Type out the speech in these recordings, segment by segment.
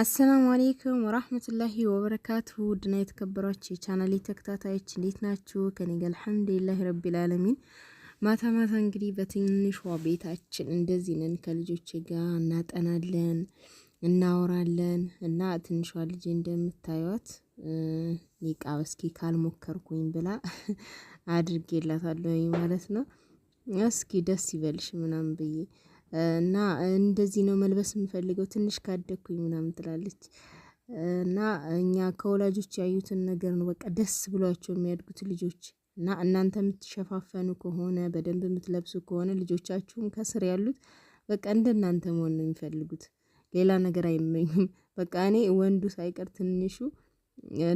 አሰላሙ አሌይኩም ወራህመቱላሂ ወበረካቱ ውድና የተከበሯችሁ የቻናሌ ተከታታዮች እንዴት ናችሁ? ከኔ ጋር አልሐምዱሊላሂ ረቢል አለሚን። ማታ ማታ እንግዲህ በትንሿ ቤታችን እንደዚህ ነን፣ ከልጆች ጋር እናጠናለን፣ እናወራለን እና ትንሿ ልጅ እንደምታዩት ኒቃብ እስኪ ካልሞከርኩኝ ብላ አድርጌላታለሁ ማለት ነው። እስኪ ደስ ይበልሽ ምናምን ብዬ እና እንደዚህ ነው መልበስ የምፈልገው ትንሽ ካደግኩኝ ምናምን ትላለች። እና እኛ ከወላጆች ያዩትን ነገር ነው በቃ ደስ ብሏቸው የሚያድጉት ልጆች እና እናንተ የምትሸፋፈኑ ከሆነ በደንብ የምትለብሱ ከሆነ ልጆቻችሁም ከስር ያሉት በቃ እናንተ መሆን ነው የሚፈልጉት። ሌላ ነገር አይመኙም በቃ እኔ ወንዱ ሳይቀር ትንሹ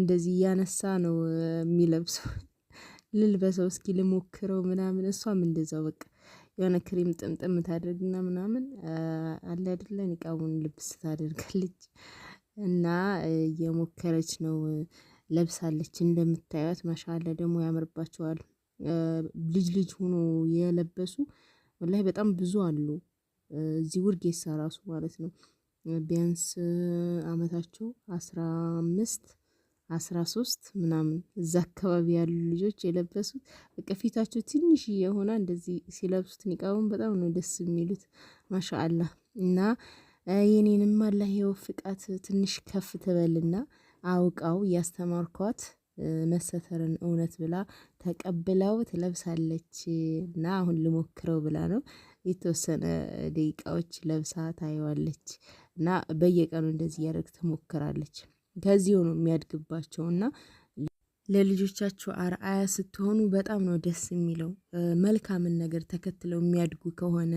እንደዚህ እያነሳ ነው የሚለብሰው። ልልበሰው እስኪ ልሞክረው ምናምን እሷም እንደዛው በቃ የሆነ ክሪም ጥምጥም ታደርግና ምናምን አለ አይደለ ኒቃቡን ልብስ ታደርጋለች እና እየሞከረች ነው ለብሳለች። እንደምታዩት ማሻአላ ደግሞ ያምርባቸዋል። ልጅ ልጅ ሆኖ የለበሱ ወላሂ በጣም ብዙ አሉ። እዚህ ውርጌሳ ራሱ ማለት ነው ቢያንስ አመታቸው አስራ አምስት አስራ ሶስት ምናምን እዛ አካባቢ ያሉ ልጆች የለበሱት በቃ ፊታቸው ትንሽ የሆነ እንደዚህ ሲለብሱት ኒቃቡን በጣም ነው ደስ የሚሉት። ማሻአላ እና የኔንም አላህ የወፍቃት ትንሽ ከፍ ትበልና አውቃው እያስተማርኳት መሰተርን እውነት ብላ ተቀብለው ትለብሳለች እና አሁን ልሞክረው ብላ ነው የተወሰነ ደቂቃዎች ለብሳ ታየዋለች እና በየቀኑ እንደዚህ እያደረግ ትሞክራለች። ከዚሁ ነው የሚያድግባቸው እና አርአያ ስትሆኑ በጣም ነው ደስ የሚለው። መልካምን ነገር ተከትለው የሚያድጉ ከሆነ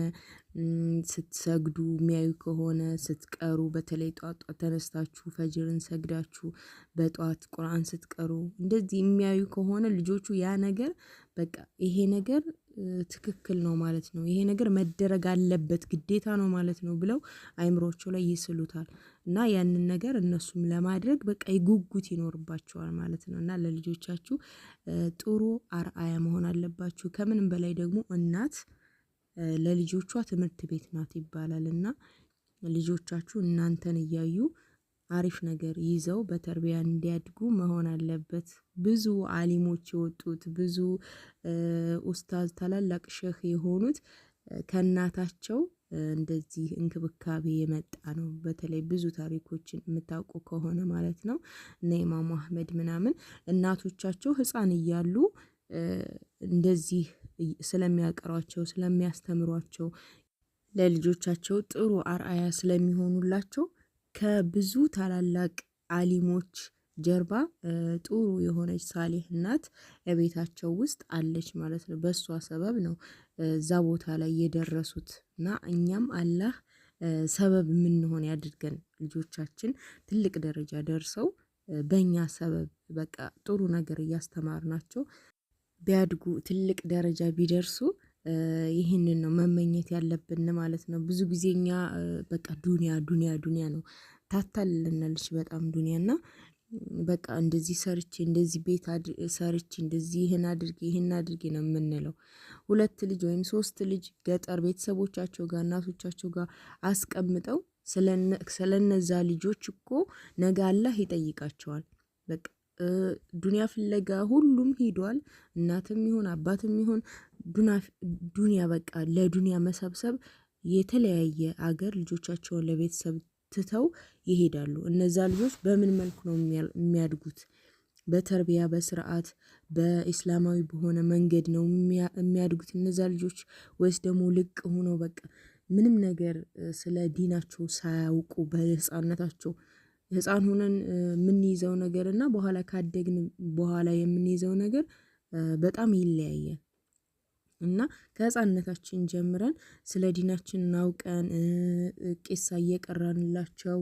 ስትሰግዱ የሚያዩ ከሆነ ስትቀሩ፣ በተለይ ጧጧ ተነስታችሁ ፈጅርን ሰግዳችሁ በጠዋት ቁርአን ስትቀሩ እንደዚህ የሚያዩ ከሆነ ልጆቹ ያ ነገር በቃ ይሄ ነገር ትክክል ነው ማለት ነው፣ ይሄ ነገር መደረግ አለበት ግዴታ ነው ማለት ነው ብለው አይምሮቸው ላይ ይስሉታል እና ያንን ነገር እነሱም ለማድረግ በቃ ጉጉት ይኖርባቸዋል ማለት ነው። እና ለልጆቻችሁ ጥሩ አርአያ መሆን አለባችሁ። ከምንም በላይ ደግሞ እናት ለልጆቿ ትምህርት ቤት ናት ይባላል እና ልጆቻችሁ እናንተን እያዩ አሪፍ ነገር ይዘው በተርቢያ እንዲያድጉ መሆን አለበት። ብዙ አሊሞች የወጡት ብዙ ኡስታዝ ታላላቅ ሼህ የሆኑት ከእናታቸው እንደዚህ እንክብካቤ የመጣ ነው። በተለይ ብዙ ታሪኮችን የምታውቁ ከሆነ ማለት ነው እነ ኢማሙ አህመድ ምናምን እናቶቻቸው ሕፃን እያሉ እንደዚህ ስለሚያቀሯቸው ስለሚያስተምሯቸው ለልጆቻቸው ጥሩ አርአያ ስለሚሆኑላቸው ከብዙ ታላላቅ አሊሞች ጀርባ ጥሩ የሆነች ሳሌህ እናት ቤታቸው ውስጥ አለች ማለት ነው። በእሷ ሰበብ ነው እዛ ቦታ ላይ የደረሱት እና እኛም አላህ ሰበብ የምንሆን ያድርገን። ልጆቻችን ትልቅ ደረጃ ደርሰው በእኛ ሰበብ በቃ ጥሩ ነገር እያስተማርናቸው ቢያድጉ ትልቅ ደረጃ ቢደርሱ ይህንን ነው መመኘት ያለብን ማለት ነው። ብዙ ጊዜ እኛ በቃ ዱኒያ ዱኒያ ዱኒያ ነው ታታልልናለች በጣም ዱኒያ እና በቃ እንደዚህ ሰርቼ እንደዚህ ቤት ሰርቼ እንደዚህ ይህን አድርጌ ይህን አድርጌ ነው የምንለው። ሁለት ልጅ ወይም ሶስት ልጅ ገጠር ቤተሰቦቻቸው ጋር እናቶቻቸው ጋር አስቀምጠው ስለነዛ ልጆች እኮ ነገ አላህ ይጠይቃቸዋል። በቃ ዱኒያ ፍለጋ ሁሉም ሂዷል። እናትም ይሁን አባትም ይሁን ዱንያ በቃ ለዱንያ መሰብሰብ የተለያየ አገር ልጆቻቸውን ለቤተሰብ ትተው ይሄዳሉ። እነዛ ልጆች በምን መልኩ ነው የሚያድጉት? በተርቢያ በስርዓት በኢስላማዊ በሆነ መንገድ ነው የሚያድጉት እነዛ ልጆች ወይስ ደግሞ ልቅ ሆነው በቃ ምንም ነገር ስለ ዲናቸው ሳያውቁ በህፃንነታቸው ህፃን ሆነን የምንይዘው ነገር እና በኋላ ካደግን በኋላ የምንይዘው ነገር በጣም ይለያያል። እና ከህፃንነታችን ጀምረን ስለ ዲናችን እናውቀን ቄሳ እየቀራንላቸው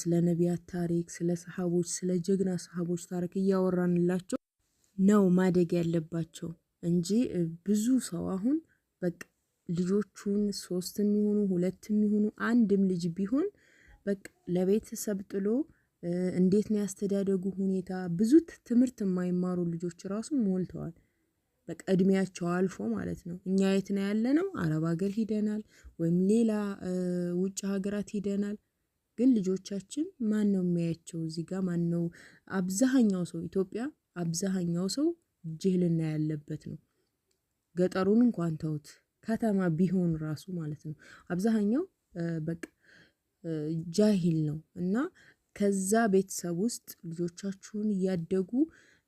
ስለ ነቢያት ታሪክ፣ ስለ ሰሃቦች፣ ስለ ጀግና ሰሃቦች ታሪክ እያወራንላቸው ነው ማደግ ያለባቸው እንጂ ብዙ ሰው አሁን በቃ ልጆቹን ሶስት የሚሆኑ ሁለት የሚሆኑ አንድም ልጅ ቢሆን በቃ ለቤተሰብ ጥሎ እንዴት ነው ያስተዳደጉ ሁኔታ ብዙ ትምህርት የማይማሩ ልጆች ራሱ ሞልተዋል። በቃ እድሜያቸው አልፎ ማለት ነው። እኛ የት ነው ያለ ነው? አረብ ሀገር ሂደናል ወይም ሌላ ውጭ ሀገራት ሂደናል። ግን ልጆቻችን ማን ነው የሚያያቸው? እዚህ ጋር ማን ነው? አብዛሀኛው ሰው ኢትዮጵያ አብዛሀኛው ሰው ጅህልና ያለበት ነው። ገጠሩን እንኳን ተውት፣ ከተማ ቢሆን ራሱ ማለት ነው አብዛሀኛው በቃ ጃሂል ነው እና ከዛ ቤተሰብ ውስጥ ልጆቻችሁን እያደጉ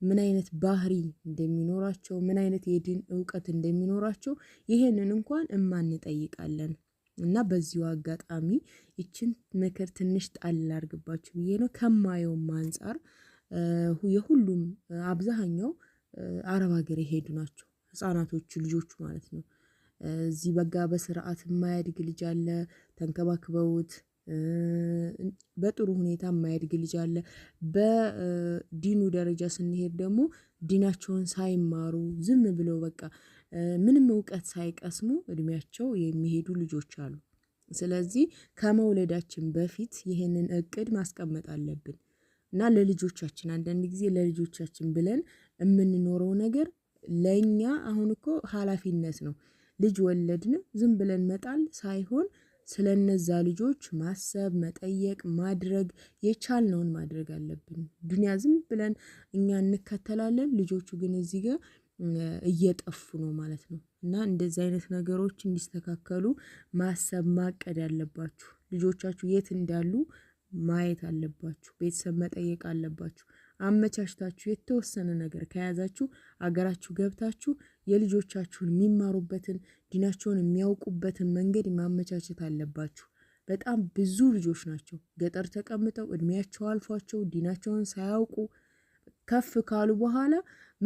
ምን አይነት ባህሪ እንደሚኖራቸው፣ ምን አይነት የዲን እውቀት እንደሚኖራቸው ይሄንን እንኳን እማንጠይቃለን እና በዚሁ አጋጣሚ ይችን ምክር ትንሽ ጣል ላድርግባችሁ ብዬ ነው። ከማየውም አንጻር የሁሉም አብዛኛው አረብ ሀገር የሄዱ ናቸው ህጻናቶቹ ልጆቹ ማለት ነው። እዚህ በጋ በስርዓት የማያድግ ልጅ አለ ተንከባክበውት በጥሩ ሁኔታ የማያድግ ልጅ አለ። በዲኑ ደረጃ ስንሄድ ደግሞ ዲናቸውን ሳይማሩ ዝም ብለው በቃ ምንም እውቀት ሳይቀስሙ እድሜያቸው የሚሄዱ ልጆች አሉ። ስለዚህ ከመውለዳችን በፊት ይህንን እቅድ ማስቀመጥ አለብን። እና ለልጆቻችን አንዳንድ ጊዜ ለልጆቻችን ብለን የምንኖረው ነገር ለእኛ አሁን እኮ ሀላፊነት ነው። ልጅ ወለድን ዝም ብለን መጣል ሳይሆን እነዛ ልጆች ማሰብ፣ መጠየቅ፣ ማድረግ የቻልነውን ማድረግ አለብን። ዱኒያ ዝም ብለን እኛ እንከተላለን፣ ልጆቹ ግን እዚህ ጋር እየጠፉ ነው ማለት ነው። እና እንደዚህ አይነት ነገሮች እንዲስተካከሉ ማሰብ ማቀድ አለባችሁ። ልጆቻችሁ የት እንዳሉ ማየት አለባችሁ። ቤተሰብ መጠየቅ አለባችሁ። አመቻችታችሁ የተወሰነ ነገር ከያዛችሁ አገራችሁ ገብታችሁ የልጆቻችሁን የሚማሩበትን ዲናቸውን የሚያውቁበትን መንገድ ማመቻቸት አለባችሁ። በጣም ብዙ ልጆች ናቸው ገጠር ተቀምጠው እድሜያቸው አልፏቸው ዲናቸውን ሳያውቁ ከፍ ካሉ በኋላ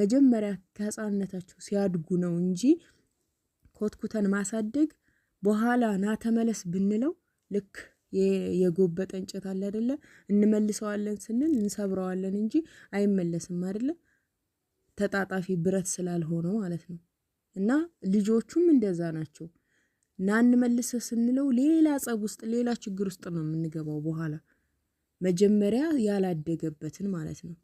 መጀመሪያ ከህፃንነታቸው ሲያድጉ ነው እንጂ ኮትኩተን ማሳደግ በኋላ ና ተመለስ ብንለው ልክ የጎበጠ እንጨት አለ አደለ? እንመልሰዋለን ስንል እንሰብረዋለን እንጂ አይመለስም አይደለ? ተጣጣፊ ብረት ስላልሆነ ማለት ነው። እና ልጆቹም እንደዛ ናቸው። ናን መልሰ ስንለው ሌላ ጸብ ውስጥ ሌላ ችግር ውስጥ ነው የምንገባው በኋላ መጀመሪያ ያላደገበትን ማለት ነው።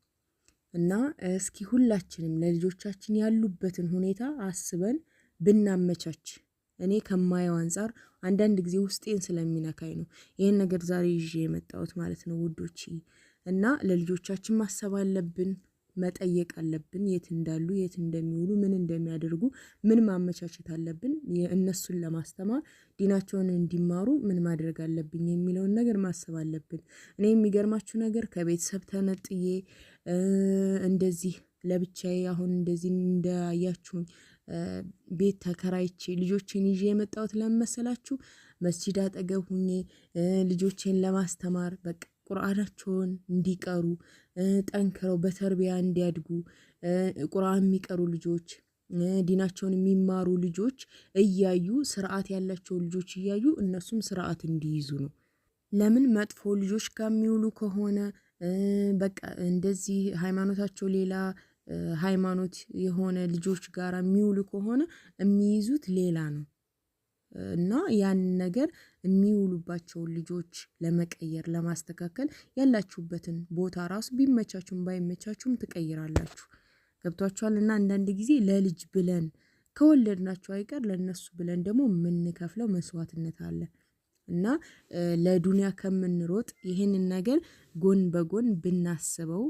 እና እስኪ ሁላችንም ለልጆቻችን ያሉበትን ሁኔታ አስበን ብናመቻች እኔ ከማየው አንጻር አንዳንድ ጊዜ ውስጤን ስለሚነካኝ ነው ይህን ነገር ዛሬ ይዤ የመጣሁት ማለት ነው ውዶች። እና ለልጆቻችን ማሰብ አለብን። መጠየቅ አለብን። የት እንዳሉ፣ የት እንደሚውሉ፣ ምን እንደሚያደርጉ፣ ምን ማመቻቸት አለብን። እነሱን ለማስተማር ዲናቸውን እንዲማሩ ምን ማድረግ አለብኝ የሚለውን ነገር ማሰብ አለብን። እኔ የሚገርማችሁ ነገር ከቤተሰብ ተነጥዬ እንደዚህ ለብቻዬ አሁን እንደዚህ እንዳያችሁኝ ቤት ተከራይቼ ልጆቼን ይዤ የመጣሁት ለመሰላችሁ መስጂድ አጠገብ ሁኜ ልጆቼን ለማስተማር በቃ ቁርአናቸውን እንዲቀሩ ጠንክረው በተርቢያ እንዲያድጉ ቁርአን የሚቀሩ ልጆች ዲናቸውን የሚማሩ ልጆች እያዩ ስርዓት ያላቸው ልጆች እያዩ እነሱም ስርዓት እንዲይዙ ነው። ለምን መጥፎ ልጆች ጋር የሚውሉ ከሆነ በቃ እንደዚህ ሃይማኖታቸው ሌላ ሃይማኖት የሆነ ልጆች ጋር የሚውሉ ከሆነ የሚይዙት ሌላ ነው። እና ያን ነገር የሚውሉባቸውን ልጆች ለመቀየር ለማስተካከል ያላችሁበትን ቦታ ራሱ ቢመቻችሁም ባይመቻችሁም ትቀይራላችሁ። ገብቷችኋል? እና አንዳንድ ጊዜ ለልጅ ብለን ከወለድናቸው አይቀር ለእነሱ ብለን ደግሞ የምንከፍለው መስዋዕትነት አለ እና ለዱንያ ከምንሮጥ ይህንን ነገር ጎን በጎን ብናስበው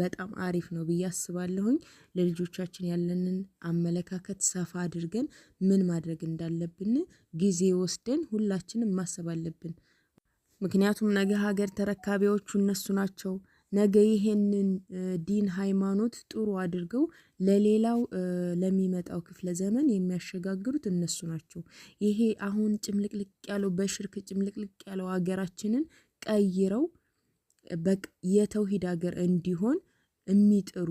በጣም አሪፍ ነው ብዬ አስባለሁኝ። ለልጆቻችን ያለንን አመለካከት ሰፋ አድርገን ምን ማድረግ እንዳለብን ጊዜ ወስደን ሁላችንም ማሰብ አለብን። ምክንያቱም ነገ ሀገር ተረካቢዎቹ እነሱ ናቸው ነገ ይሄንን ዲን ሃይማኖት ጥሩ አድርገው ለሌላው ለሚመጣው ክፍለ ዘመን የሚያሸጋግሩት እነሱ ናቸው። ይሄ አሁን ጭምልቅልቅ ያለው በሽርክ ጭምልቅልቅ ያለው ሀገራችንን ቀይረው የተውሂድ ሀገር እንዲሆን የሚጥሩ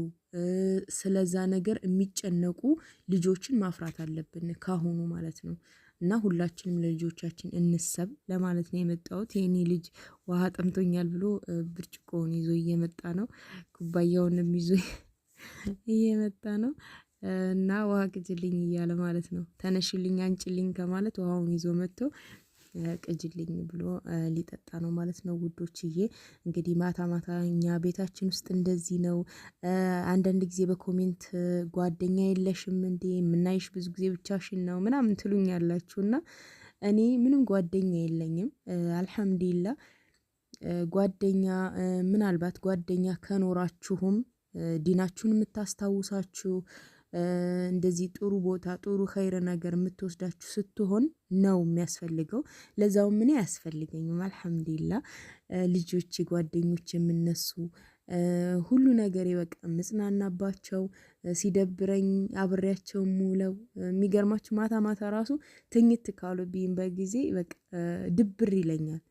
ስለዛ ነገር የሚጨነቁ ልጆችን ማፍራት አለብን ካሁኑ ማለት ነው። እና ሁላችንም ለልጆቻችን እንሰብ ለማለት ነው የመጣሁት። የኔ ልጅ ውሃ ጠምቶኛል ብሎ ብርጭቆውን ይዞ እየመጣ ነው፣ ኩባያውንም ይዞ እየመጣ ነው እና ውሃ ቅጅልኝ እያለ ማለት ነው። ተነሽልኝ፣ አንጭልኝ ከማለት ውሃውን ይዞ መጥቶ ቅጅልኝ ብሎ ሊጠጣ ነው ማለት ነው ውዶችዬ። እንግዲህ ማታ ማታ እኛ ቤታችን ውስጥ እንደዚህ ነው። አንዳንድ ጊዜ በኮሜንት ጓደኛ የለሽም እንዴ የምናይሽ ብዙ ጊዜ ብቻሽን ነው ምናምን ትሉኝ ያላችሁ እና እኔ ምንም ጓደኛ የለኝም አልሐምዱሊላ። ጓደኛ ምናልባት ጓደኛ ከኖራችሁም ዲናችሁን የምታስታውሳችሁ እንደዚህ ጥሩ ቦታ ጥሩ ኸይረ ነገር የምትወስዳችሁ ስትሆን ነው የሚያስፈልገው። ለዛው ምን አያስፈልገኝም። አልሐምዱሊላ ልጆች፣ ጓደኞች የምነሱ ሁሉ ነገር በቃ ምጽናናባቸው፣ ሲደብረኝ አብሬያቸው ሙለው የሚገርማቸው ማታ ማታ ራሱ ትኝት ካሉብኝ በጊዜ በቃ ድብር ይለኛል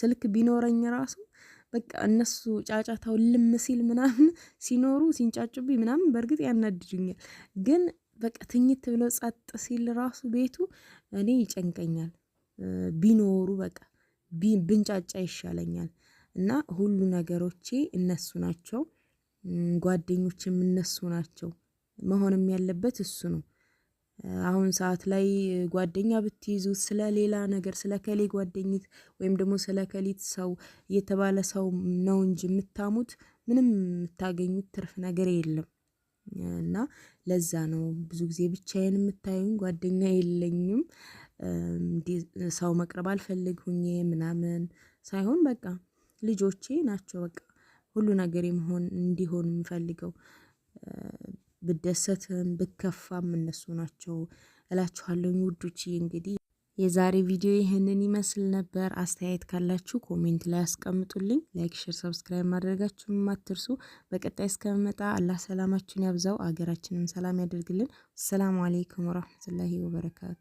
ስልክ ቢኖረኝ ራሱ በቃ እነሱ ጫጫታው ልም ሲል ምናምን ሲኖሩ ሲንጫጩብኝ ምናምን በእርግጥ ያናድዱኛል። ግን በቃ ትኝት ብሎ ጸጥ ሲል ራሱ ቤቱ እኔ ይጨንቀኛል። ቢኖሩ በቃ ብንጫጫ ይሻለኛል እና ሁሉ ነገሮቼ እነሱ ናቸው። ጓደኞችም እነሱ ናቸው። መሆንም ያለበት እሱ ነው። አሁን ሰዓት ላይ ጓደኛ ብትይዙ ስለ ሌላ ነገር ስለ ከሌ ጓደኝት ወይም ደግሞ ስለ ከሊት ሰው የተባለ ሰው ነው እንጂ የምታሙት ምንም የምታገኙት ትርፍ ነገር የለም። እና ለዛ ነው ብዙ ጊዜ ብቻዬን የምታዩኝ ጓደኛ የለኝም። ሰው መቅረብ አልፈልግሁኝ ምናምን ሳይሆን በቃ ልጆቼ ናቸው በቃ ሁሉ ነገር የመሆን እንዲሆን የምፈልገው። ብደሰትም ብከፋም እነሱ ናቸው እላችኋለሁ። ውዶች። እንግዲህ የዛሬ ቪዲዮ ይህንን ይመስል ነበር። አስተያየት ካላችሁ ኮሜንት ላይ አስቀምጡልኝ። ላይክ፣ ሼር፣ ሰብስክራይብ ማድረጋችሁን አትርሱ። በቀጣይ እስከመጣ አላህ ሰላማችሁን ያብዛው፣ አገራችንም ሰላም ያደርግልን። ሰላም አሌይኩም ወረህመቱላሂ ወበረካቱ።